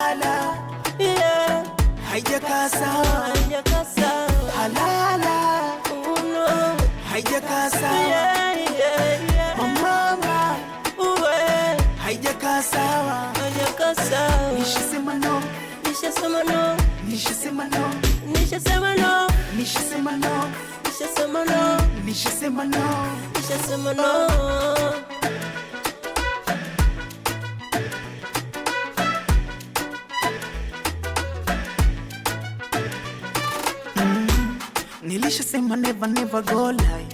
Yeah. Haijakaa sawa, halala, haijakaa sawa, mama, haijakaa sawa, nishasema no, nishasema no, nishasema no, nishasema no, nishasema no, nishasema no, nishasema no Nilishasema never never go lie.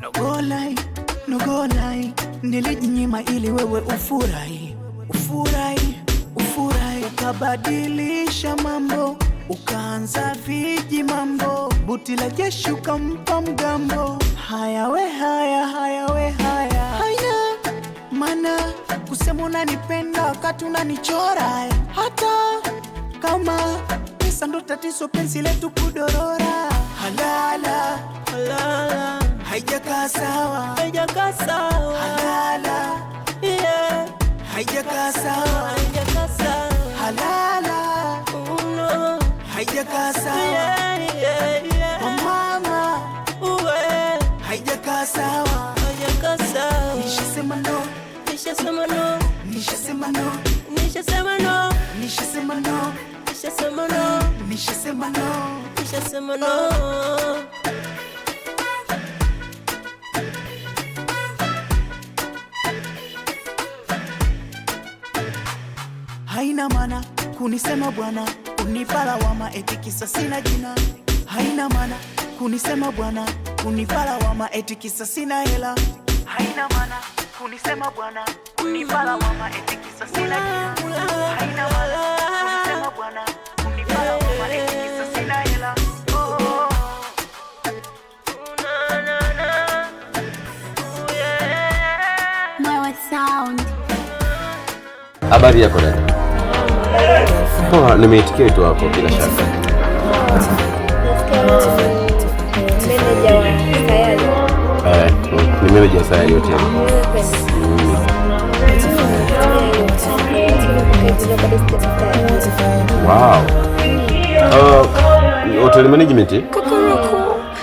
No go lie, no go lie. Nilijinyima ili wewe ufurahi, ufurahi, ufurahi. Ukabadilisha mambo, ukaanza viji mambo, buti la jeshi ukampa mgambo. Haya we haya, haya we haya, haina mana kusema unanipenda wakati unanichora, hata kama pesa ndo tatizo, penzi letu kudorora halala, halala. Haijakaa sawa, haijakaa sawa, halala, yeah. Haijakaa sawa, haijakaa sawa, halala, oh no. Haijakaa sawa, yeah, yeah, yeah. Oh mama, uwe, haijakaa sawa, haijakaa sawa. Nishasema no, nishasema no, nishasema no, nishasema no, nishasema no Nishasema no, nishasema no, nishasema no. Haina maana kunisema bwana, unipa lawama eti kisa sina jina. Haina maana kunisema bwana, unipa lawama eti kisa sina hela. Haina maana kunisema bwana, unipa lawama eti kisa sina jina. Haina maana Habari yako dada? Poa, nimeitikia tu wako bila shaka. Eh, ni meneja wa sayari yote. Mm. Wow. Uh, hotel management?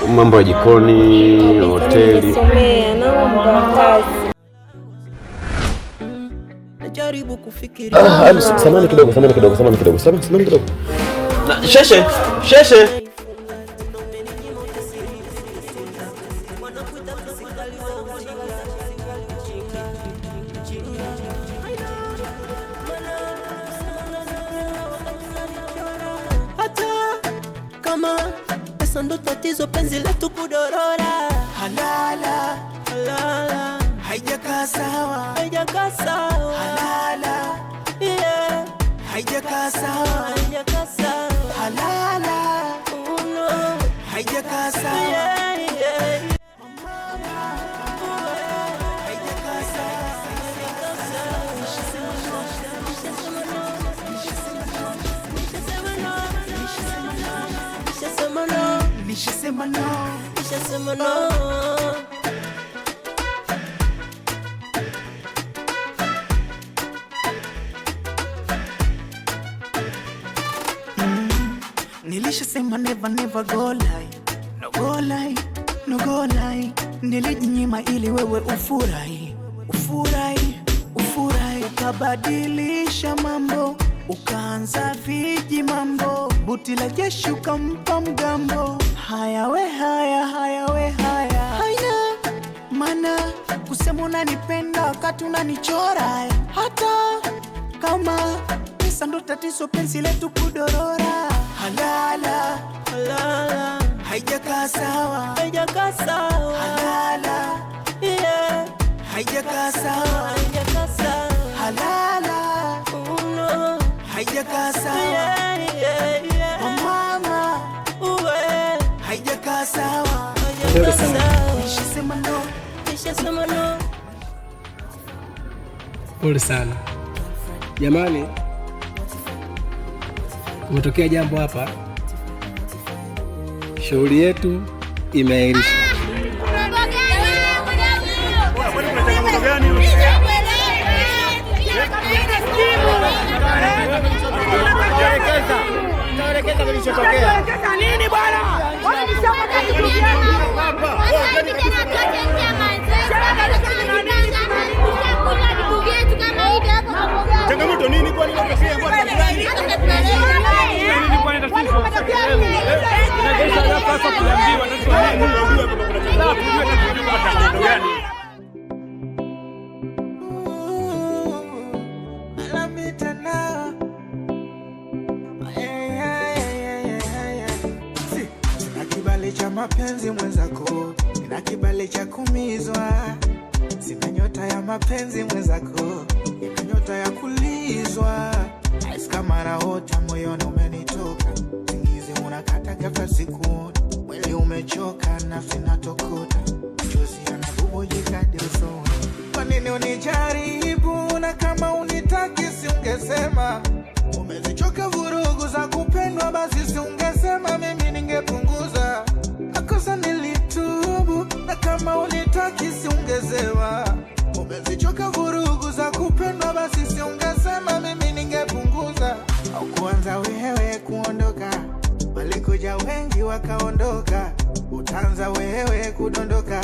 Mambo ya jikoni, hoteli. Ah, samani kidogo, samani kidogo, samani kidogo, samani kidogo. Sheshe, sheshe. haijakaa sawa, haijakaa sawa, halala yeah, haijakaa sawa, haijakaa sawa, halala uno, oh, haijakaa sawa yeah, yeah. Nishasema no, nishasema no, nishasema no Nikasema never never go lie. No go lie, no go lie. Nilijinyima ili wewe ufurahi, ufurahi, ufurahi. Ukabadilisha mambo, ukaanza viji mambo, buti la jeshi ukampa mgambo. Haya we haya, haya we haya, haina maana kusema unanipenda wakati unanichora, hata kama pesa ndo tatizo, penzi letu kudorora halala, halala. Haijakaa sawa, haijakaa sawa, halala, yeah. Haijakaa sawa, haijakaa sawa, halala, oh no. Haijakaa sawa, yeah, yeah, yeah. Oh mama, uwe, haijakaa sawa, haijakaa sawa. Nishasema no, nishasema no. Pole sana jamani kumetokea jambo hapa, shughuli yetu imeahirishwa. Changamoto nini kwani inatokea kwa cha mapenzi mwenzako, nina kibali cha kumizwa, sina nyota ya mapenzi mwenzako, nina nyota ya kuumizwa kama rahota moyoni umenitoka, singizi unakata ghafla, siku mweli umechoka, nafsi natokota, machozi yanabubujika hadi Kwa nini unijaribu? Na kama unitaki si ungesema umezichoka vurugu za kupendwa, basi siungesema mimi ningepunguza ulianza wewe kuondoka, walikuja wengi wakaondoka, utanza wewe kudondoka.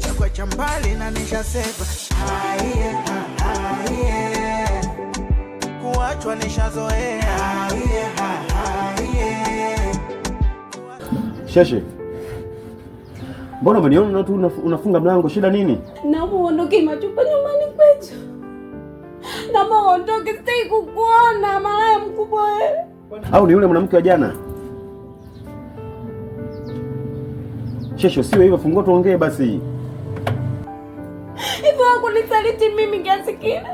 Chakwa cha mbali na nishasema kuachwa nishazoea Sheshe, mbona umeniona tu unafunga mlango, shida nini? Naomba uondoke machupa nyumbani kwetu. Naomba uondoke, sitaki kukuona malaya mkubwa wewe. Au ni yule mwanamke wa jana? Shesho, siwe hivyo, fungua tuongee basi. Hivyo wako wakunisaliti mimi kiasi kile?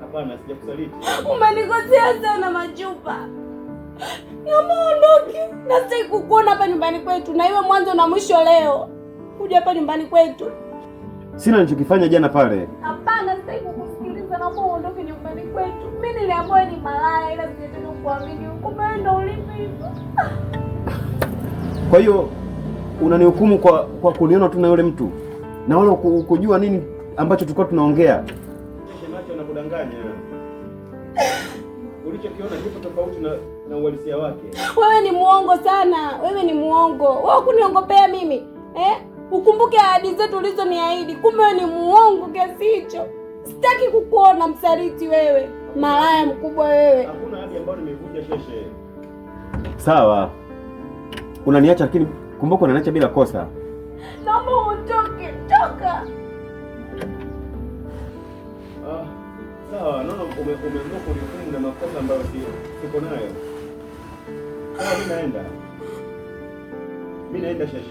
Hapana, sijakusaliti. Umenikosea sana Majupa. Naomba uondoke, na sitaki kukuona hapa nyumbani kwetu, na iwe mwanzo na mwisho leo. Kuja hapa nyumbani kwetu. Sina nilichokifanya jana pale. Hapana, sitaki sasa naomba uondoke nyumbani kwetu. Mimi niliambiwa ni malaya, ila sijataka kuamini, kumbe ndo ulivyo. Kwa hiyo unanihukumu kwa kwa kuniona tu na yule mtu na wala kujua nini ambacho tulikuwa tunaongea. Macho anakudanganya, ulichokiona kipo tofauti na na uhalisia wake. Wewe ni muongo sana, wewe ni muongo. Wewe kuniongopea mimi eh? Ukumbuke ahadi zetu ulizoniahidi, kumbe ni muongo kiasi hicho. Sitaki kukuona msaliti wewe, malaya mkubwa wewe. Hakuna ahadi ambayo nimevunja sheshe. Sawa, unaniacha lakini kumbuka, unaniacha bila kosa. Naomba utoke, toka. Ah, sawa, naona umeamua kunifunga na makosa ambayo siko nayo. Sawa, mimi naenda, mimi naenda sheshe.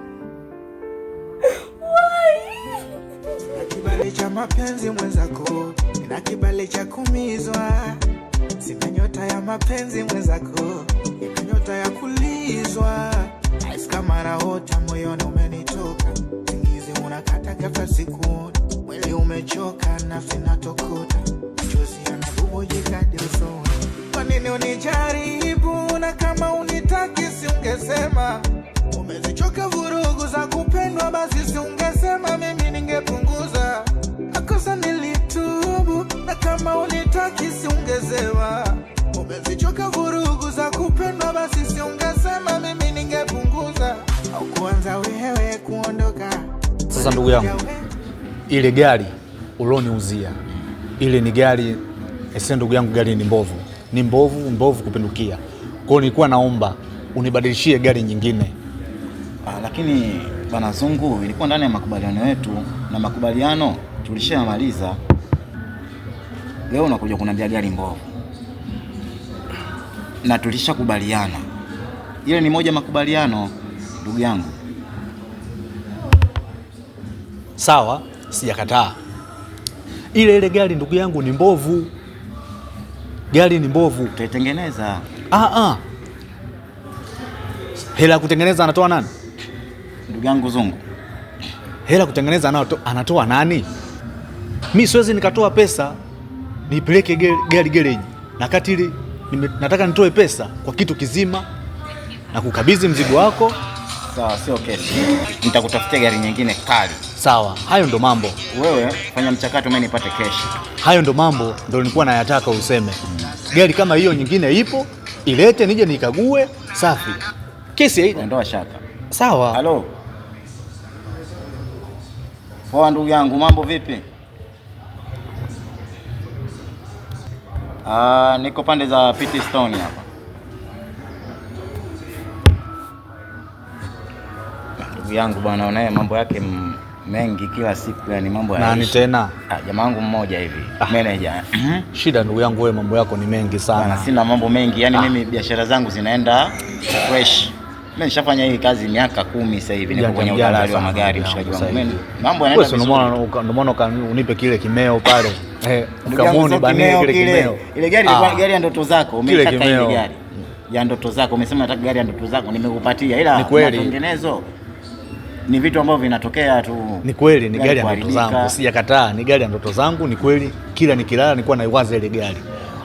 kibali cha mapenzi mwenzako, nina kibali cha kumizwa. Sina nyota ya mapenzi mwenzako, nina nyota ya kulizwa. Kama raota moyoni umenitoka, singizi unakata ghafla, siku mwili umechoka, nafsi natokota, machozi yanabubujika usoni. Kwa nini unijaribu? Na kama unitaki si ungesema umezichoka vurugu za kupendwa, basi si ungesema, mimi ningepunguza kama unitaki siungezewa, umezichoka vurugu za kupendwa, basi siungesema, mimi ningepunguza au kuanza wewe kuondoka. Sasa ndugu yangu, ile gari uloniuzia ile ni gari ese, eh, ndugu yangu, gari ni mbovu, ni mbovu mbovu kupindukia. Kwa hiyo nilikuwa naomba unibadilishie gari nyingine. Ah, lakini bwana Zungu, ilikuwa ndani ya makubaliano yetu na makubaliano tulishamaliza leo unakuja kuniambia gari mbovu, na tulishakubaliana. Ile ni moja makubaliano, ndugu yangu. Sawa, sijakataa. Ile ile gari ndugu yangu ni mbovu, gari ni mbovu, tutaitengeneza. Ah, ah. Hela ya kutengeneza anatoa nani? Ndugu yangu Zungu, hela kutengeneza anatoa nani? Mi siwezi nikatoa pesa nipeleke gari gereji, na kati ile nataka nitoe pesa kwa kitu kizima na kukabidhi mzigo wako. Sawa, sio kesi, nitakutafutia gari nyingine kali. Sawa, hayo ndo mambo. Wewe fanya mchakato, mimi nipate keshi. Hayo ndo mambo, ndo nilikuwa nayataka useme. Gari kama hiyo nyingine ipo, ilete nije nikague. Safi, kesi haina, ndoa shaka. Sawa. Halo poa, ndugu yangu, mambo vipi? Uh, niko pande za Pit Stone hapa. Ndugu yangu bwana, unaye mambo yake mengi kila siku, yani mambo yake. nani tena? Ah, jamaa wangu mmoja hivi ah, manager mhm. shida. Ndugu yangu wewe, mambo yako ni mengi sana. Sina mambo mengi yani ah, mimi biashara zangu zinaenda fresh mimi nishafanya hii kazi miaka kumi sasa hivi, niko kwenye udalali wa magari mshikaji wangu. Mimi mambo yanaenda vizuri. Ndio maana unipe kile kimeo pale. Eh, ukamwoni bani kile kimeo. Ile gari ilikuwa ah. gari ya ndoto zako, umeitaka ile gari ya ndoto zako, umesema nataka gari ya ndoto zako, nimekupatia, ila matengenezo ni vitu ambavyo vinatokea tu. Ni kweli ni gari ya ndoto zangu, sijakataa, ni gari ya ndoto zangu, ni kweli. Kila nikilala nilikuwa naiwaza ile gari,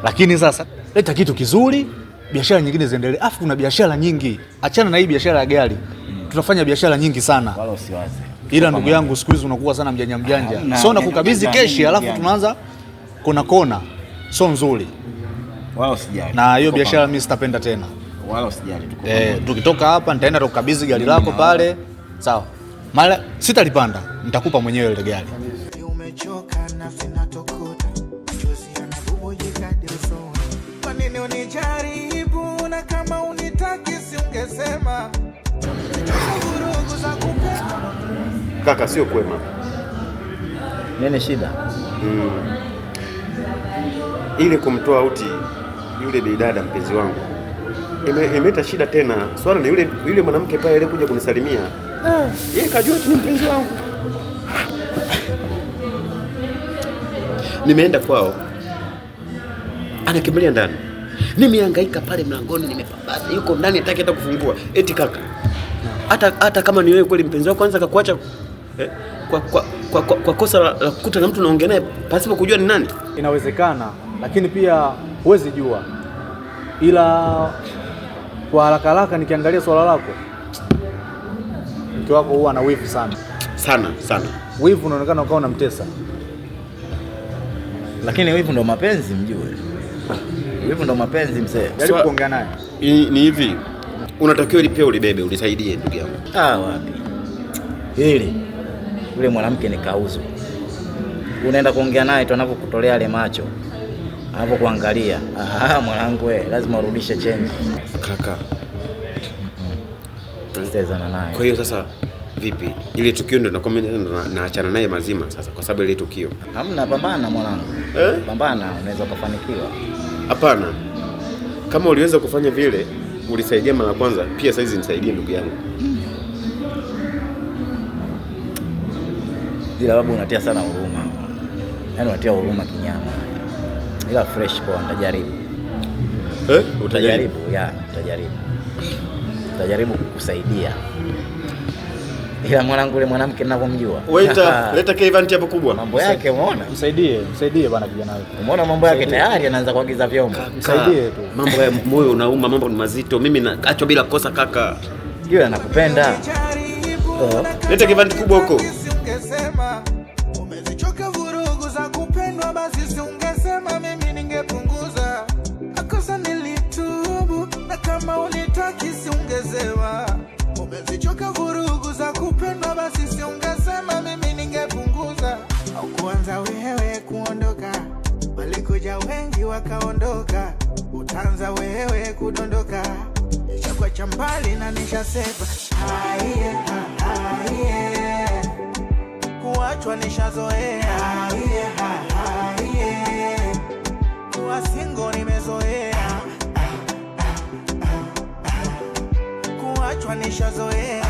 lakini sasa leta kitu kizuri biashara nyingine ziendelee. Afu kuna biashara nyingi, achana na hii biashara ya gari mm. Tunafanya biashara nyingi sana, wala usiwaze, ila ndugu yangu, siku hizi unakuwa sana mjanja mjanja ah, so nakukabidhi keshi, alafu tunaanza kona kona, so nzuri, wala usijali. Na hiyo biashara mimi sitapenda tena, wala usijali. Eh, tukitoka hapa nitaenda tukukabidhi gari lako pale, sawa? Mara sitalipanda, nitakupa mwenyewe ile gari. Kaka, sio kwema. Nene shida Hmm. Ile kumtoa uti yule bidada mpenzi wangu imeleta shida tena. Swala ni yule yule mwanamke pale kuja kunisalimia ah. Yeye kajua tu ni mpenzi wangu. Nimeenda kwao, anakimbilia ndani Nimehangaika pale mlangoni, nimepambaza, yuko ndani hataki hata kufungua. Eti kaka, hata hata kama ni wewe kweli mpenzi wako kwanza kakuacha eh, kwa, kwa, kwa, kwa, kwa kosa la kukuta na mtu naongea naye pasipo kujua ni nani. Inawezekana, lakini pia huwezi jua, ila kwa haraka haraka nikiangalia swala lako, mke wako huwa ana wivu sana sana sana. Wivu unaonekana ukawa unamtesa, lakini wivu ndo mapenzi, mjue. Hivyo ndo mapenzi mzee. Jaribu kuongea naye. Ni hivi. Unatakiwa ili pia ulibebe ulisaidie ndugu yangu. Ah, wapi. Hili. Yule mwanamke ni kauzo. Unaenda kuongea naye tu anapokutolea ile macho. Anapokuangalia. Ah, mwanangu wewe, lazima urudishe change. Kaka. Tunachezana naye. Kwa hiyo sasa vipi? Ile tukio ndio nakuwa naachana naye mazima sasa kwa sababu ile tukio. Hamna, pambana mwanangu. Eh? Pambana, unaweza kufanikiwa. Hapana, kama uliweza kufanya vile, ulisaidia mara kwanza, pia saizi nisaidie ndugu yangu. Ila babu, unatia sana huruma, yaani unatia huruma kinyama, ila fresh poa. Nitajaribu eh, utajaribu ya, utajaribu, utajaribu kukusaidia ila mwanangu ule mwanamke ninavyomjua. Waita, leta event hapo kubwa. Mambo yake umeona? Msaidie, msaidie bwana kijana wetu. Umeona mambo yake tayari anaanza kuagiza vyombo. Msaidie tu. Mambo ya moyo unauma, mambo ni mazito. Mimi naachwa bila kosa kaka. Yule anakupenda. Eh. Leta event kubwa huko. Kama ulitaki siongezewa, umezichoka vuru wakaondoka, utanza wewe kudondoka, chakwa cha mbali na nishasema aiye, aiye, kuachwa nishazoea, aiye, aiye, kuwa singo nimezoea, kuachwa nishazoea,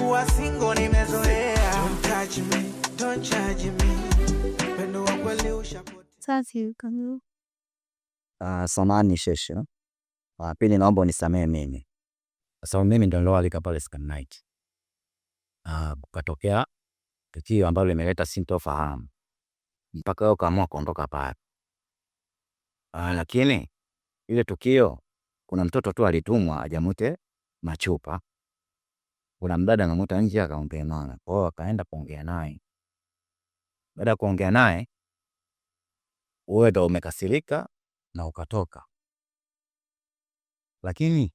kuwa singo nimezoea, don't touch me Don't charge me. Pendo wa kweli ushapotea. Uh, samani shesha. Uh, pili naomba unisamee mimi kwa sababu mimi ndo nilowalika pale Skani Night. Uh, kukatokea tukio ambalo limeleta sintofahamu mpaka wewe ukaamua kuondoka pale. Uh, lakini ile tukio kuna mtoto tu alitumwa ajamute machupa, kuna mdada namuta nje akaongea naye kwao, akaenda kuongea naye baada ya kuongea naye, wewe ndo umekasirika na ukatoka. Lakini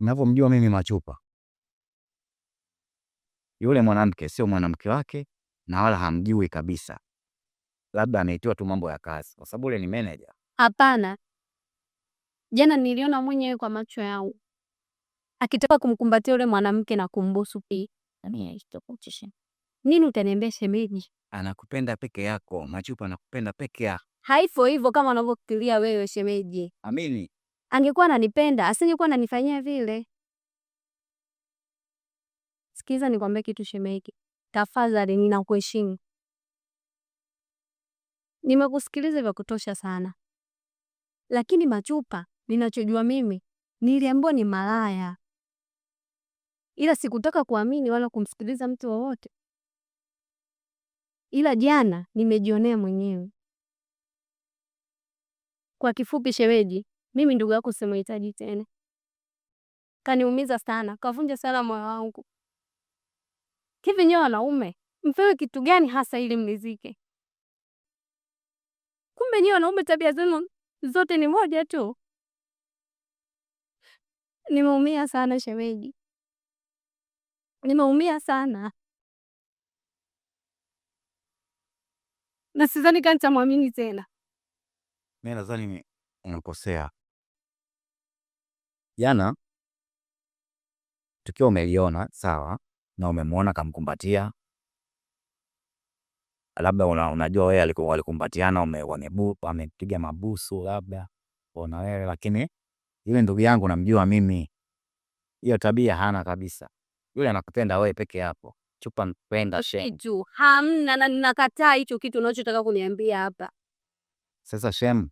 ninavyomjua mimi Machupa, yule mwanamke sio mwanamke wake na wala hamjui kabisa, labda ameitiwa tu mambo ya kazi, kwa sababu yule ni meneja Hapana, jana niliona mwenyewe kwa macho yangu akitaka kumkumbatia yule mwanamke na kumbusu pia nini utaniambia shemeji? Anakupenda peke yako, Machupa anakupenda peke yako. Haifo hivyo kama unavyofikiria wewe shemeji. Amini. Angekuwa ananipenda, asingekuwa ananifanyia vile. Sikiza nikwambie kitu shemeji. Tafadhali ninakuheshimu. Nimekusikiliza vya kutosha sana. Lakini Machupa, ninachojua mimi, niliambiwa ni malaya. Ila sikutaka kuamini wala kumsikiliza mtu wowote ila jana nimejionea mwenyewe. Kwa kifupi, shemeji, mimi ndugu yako simuhitaji tena. Kaniumiza sana, kavunja sana moyo wangu. Hivi nyewe wanaume mpewe kitu gani hasa ili mlizike? Kumbe nyewe wanaume tabia zenu zote ni moja tu. Nimeumia sana shemeji, nimeumia sana. na sidhani kama nitamwamini tena. Mimi nadhani unakosea. Jana tukio umeliona sawa, na umemwona kamkumbatia, labda una, unajua wee walikumbatiana, wamepiga mabusu labda na wewe, lakini yule ndugu yangu namjua mimi, hiyo tabia hana kabisa. Yule anakupenda wewe peke yako chupa mpenda shem. Juu hamna na ninakataa hicho kitu unachotaka kuniambia hapa. Sasa shem,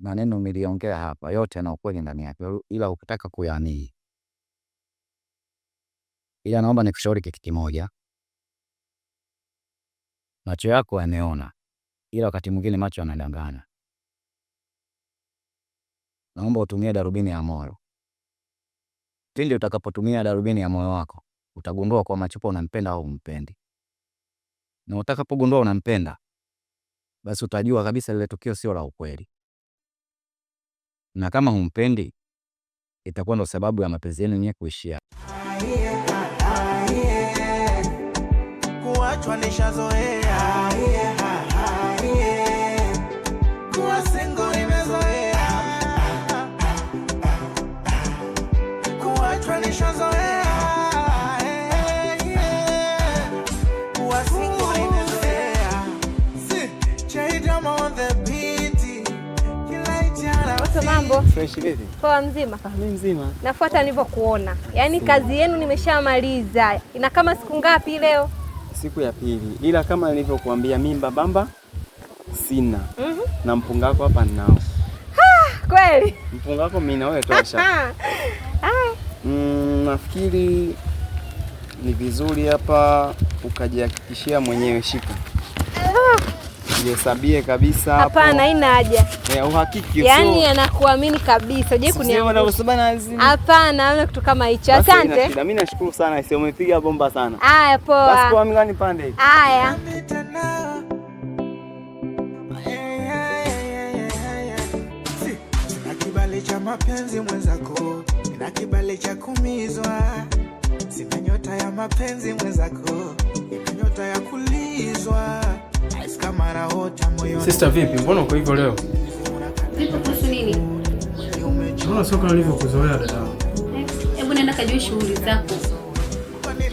maneno niliongea hapa yote yana ukweli ndani yake, ila ukitaka kuyanii, ila naomba nikushauri kitu kimoja. Macho yako yameona, ila wakati mwingine macho yanadangana. Naomba utumie darubini ya moyo. Pindi utakapotumia darubini ya moyo wako utagundua kwa machupa unampenda au umpendi na utakapogundua unampenda, basi utajua kabisa lile tukio sio la ukweli, na kama humpendi, itakuwa ndo sababu ya mapenzi yenu nyie kuishia. Kuachwa nishazoea Mambo fresh vipi? Poa mzima. Ah, mimi mzima. Nafuata nilivyokuona, yaani kazi yenu nimeshamaliza. Ina kama siku ngapi leo? Siku ya pili, ila kama nilivyokuambia mimba bamba sina mm -hmm. na mpunga wako hapa ninao. Kweli mpunga wako mimi na wewe tosha. Ah. Ah. Mm, nafikiri ni vizuri hapa ukajihakikishia mwenyewe. Shika Jihesabie kabisa. hapo. Hapana, haina haja. Eh, uhakiki usio. Yaani anakuamini kabisa. Je, kuniambia. na Hapana, hamna kitu kama hicho. Asante. Na Mimi nashukuru sana, sio umepiga bomba sana. Haya, poa. Basi kwa mimi ngani pande hivi. Haya. Kibali cha mapenzi mwenzako, na kibali cha kumizwa. Sina nyota ya mapenzi mwenzako, ina nyota ya kulizwa. Sister, vipi? Mbona uko hivyo leo? Vipi kuhusu nini? Mbona sio kama nilivyokuzoea dada? Hebu nenda kajue shughuli zako.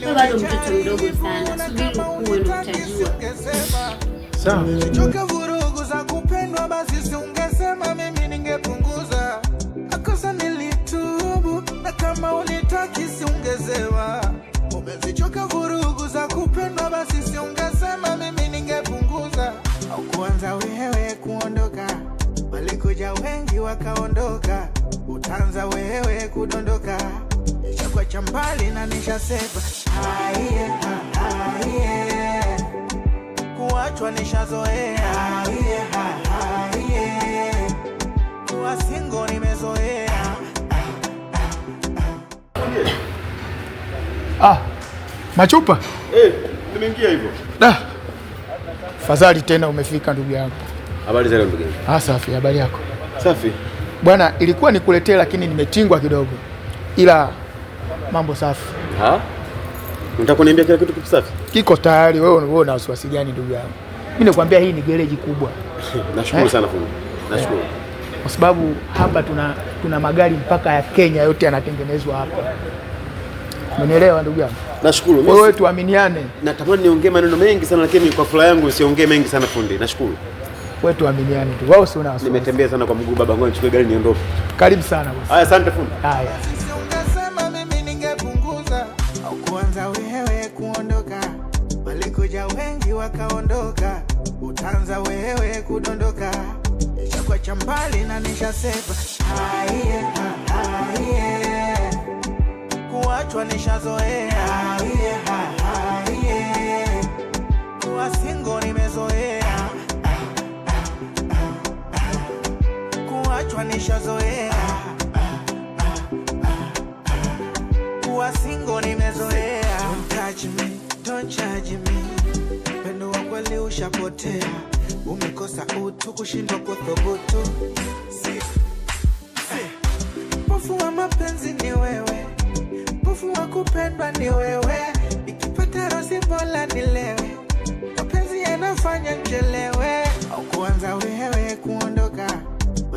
Wewe bado mtoto mdogo sana. Subiri ukue ndio utajua. Sawa. Choka vurugu za kupendwa basi si ungesema mimi ningepunguza. Akosa nilitubu na kama unitaki si ungezewa. Umechoka vurugu za kupendwa basi si ungesema mimi ningepunguza. wakaondoka, utanza wewe kudondoka. Nishakwa cha mbali na nishasema aiye, aiye, kuachwa nishazoea, aiye, aiye, kuwa singo nimezoea. Ah, Machupa, eh, nimeingia hivyo. Da. Fadhali tena umefika ndugu yangu. Habari za leo ndugu yangu. Ah, safi, habari yako? Safi. Bwana, ilikuwa nikuletee lakini nimetingwa kidogo, ila mambo safi. Ha? Unataka kuniambia kila kitu kipo safi? Kiko tayari. Wewe una wasiwasi gani ndugu yangu? Mimi nakwambia hii ni gereji kubwa. Nashukuru eh? sana fundi. Nashukuru. Eh? Kwa sababu hapa tuna tuna magari mpaka ya Kenya yote yanatengenezwa hapa. Umenielewa ndugu yangu? Nashukuru. Wewe tuaminiane. Natamani niongee maneno mengi sana lakini kwa furaha yangu siongee mengi sana fundi. Nashukuru. Wewe tuaminiane tu. Wao si una wasiwasi. Nimetembea sana kwa mguu baba, ngoja nichukue gari niondoke. Karibu sana bosi. Haya, asante fundi. Haya. Ungesema mimi ningepunguza au kuanza wewe kuondoka. Walikuja wengi wakaondoka. Utaanza wewe kudondoka. Nishakuwa cha mbali na nishasema. Haiye, haiye. Kuachwa nishazoea. Haiye, haiye. Kuwa single nimezoea. kuachwa nishazoea, kuwa singo nimezoea. Don't touch me, don't charge me, upendo wa kweli ushapotea, umekosa utu, kushindwa kuthubutu. Pofu wa mapenzi ni wewe, pofu wa kupendwa ni wewe, ikipata rosi bora nilewe, mapenzi yanafanya nchelewe, au kuanza wewe kuondoka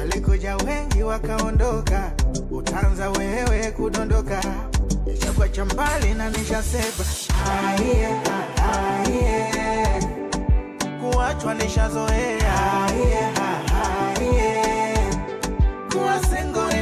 walikuja wengi wakaondoka, utanza wewe kudondoka. Chakwa cha mbali na nishaseba, ah, yeah, Kuachwa nishazoea, Kuwa single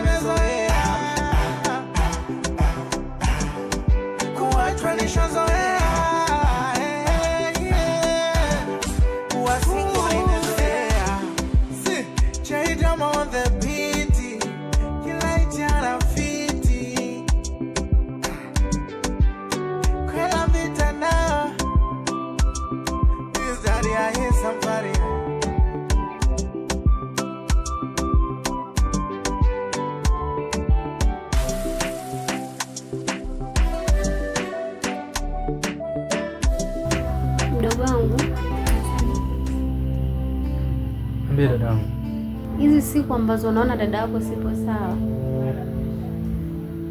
ambazo unaona dada yako sipo sawa,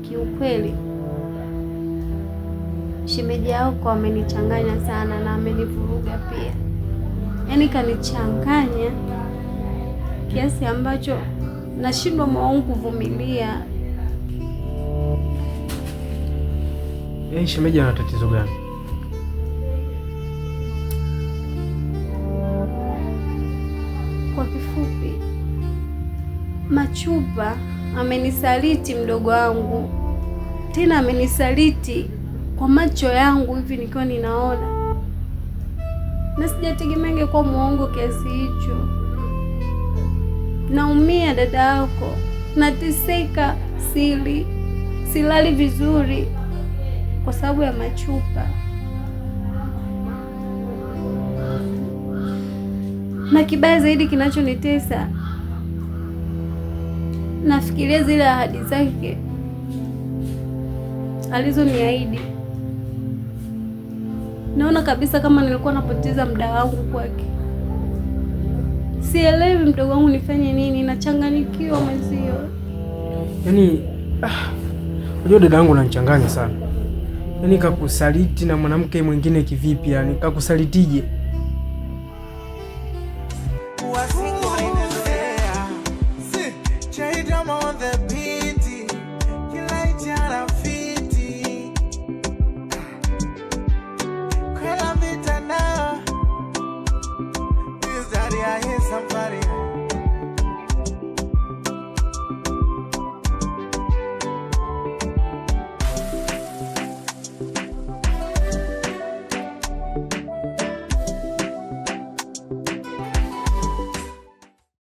kiukweli shemeji yako amenichanganya sana na amenivuruga pia, yaani kanichanganya kiasi ambacho nashindwa mwangu kuvumilia. Yaani shemeji ana tatizo gani? Machupa amenisaliti mdogo wangu, tena amenisaliti kwa macho yangu hivi nikiwa ninaona, na sijategemea kwa muongo kiasi hicho. Naumia dada yako, nateseka, sili silali vizuri kwa sababu ya Machupa, na kibaya zaidi kinachonitesa nafikiria zile ahadi zake alizoniahidi, naona kabisa kama nilikuwa napoteza muda wangu kwake. Sielewi mdogo wangu nifanye nini, nachanganyikiwa mwenzio. Yaani ah, unajua ah, dada yangu nanichanganya sana. Yaani kakusaliti na mwanamke mwingine kivipi? Yaani kakusalitije?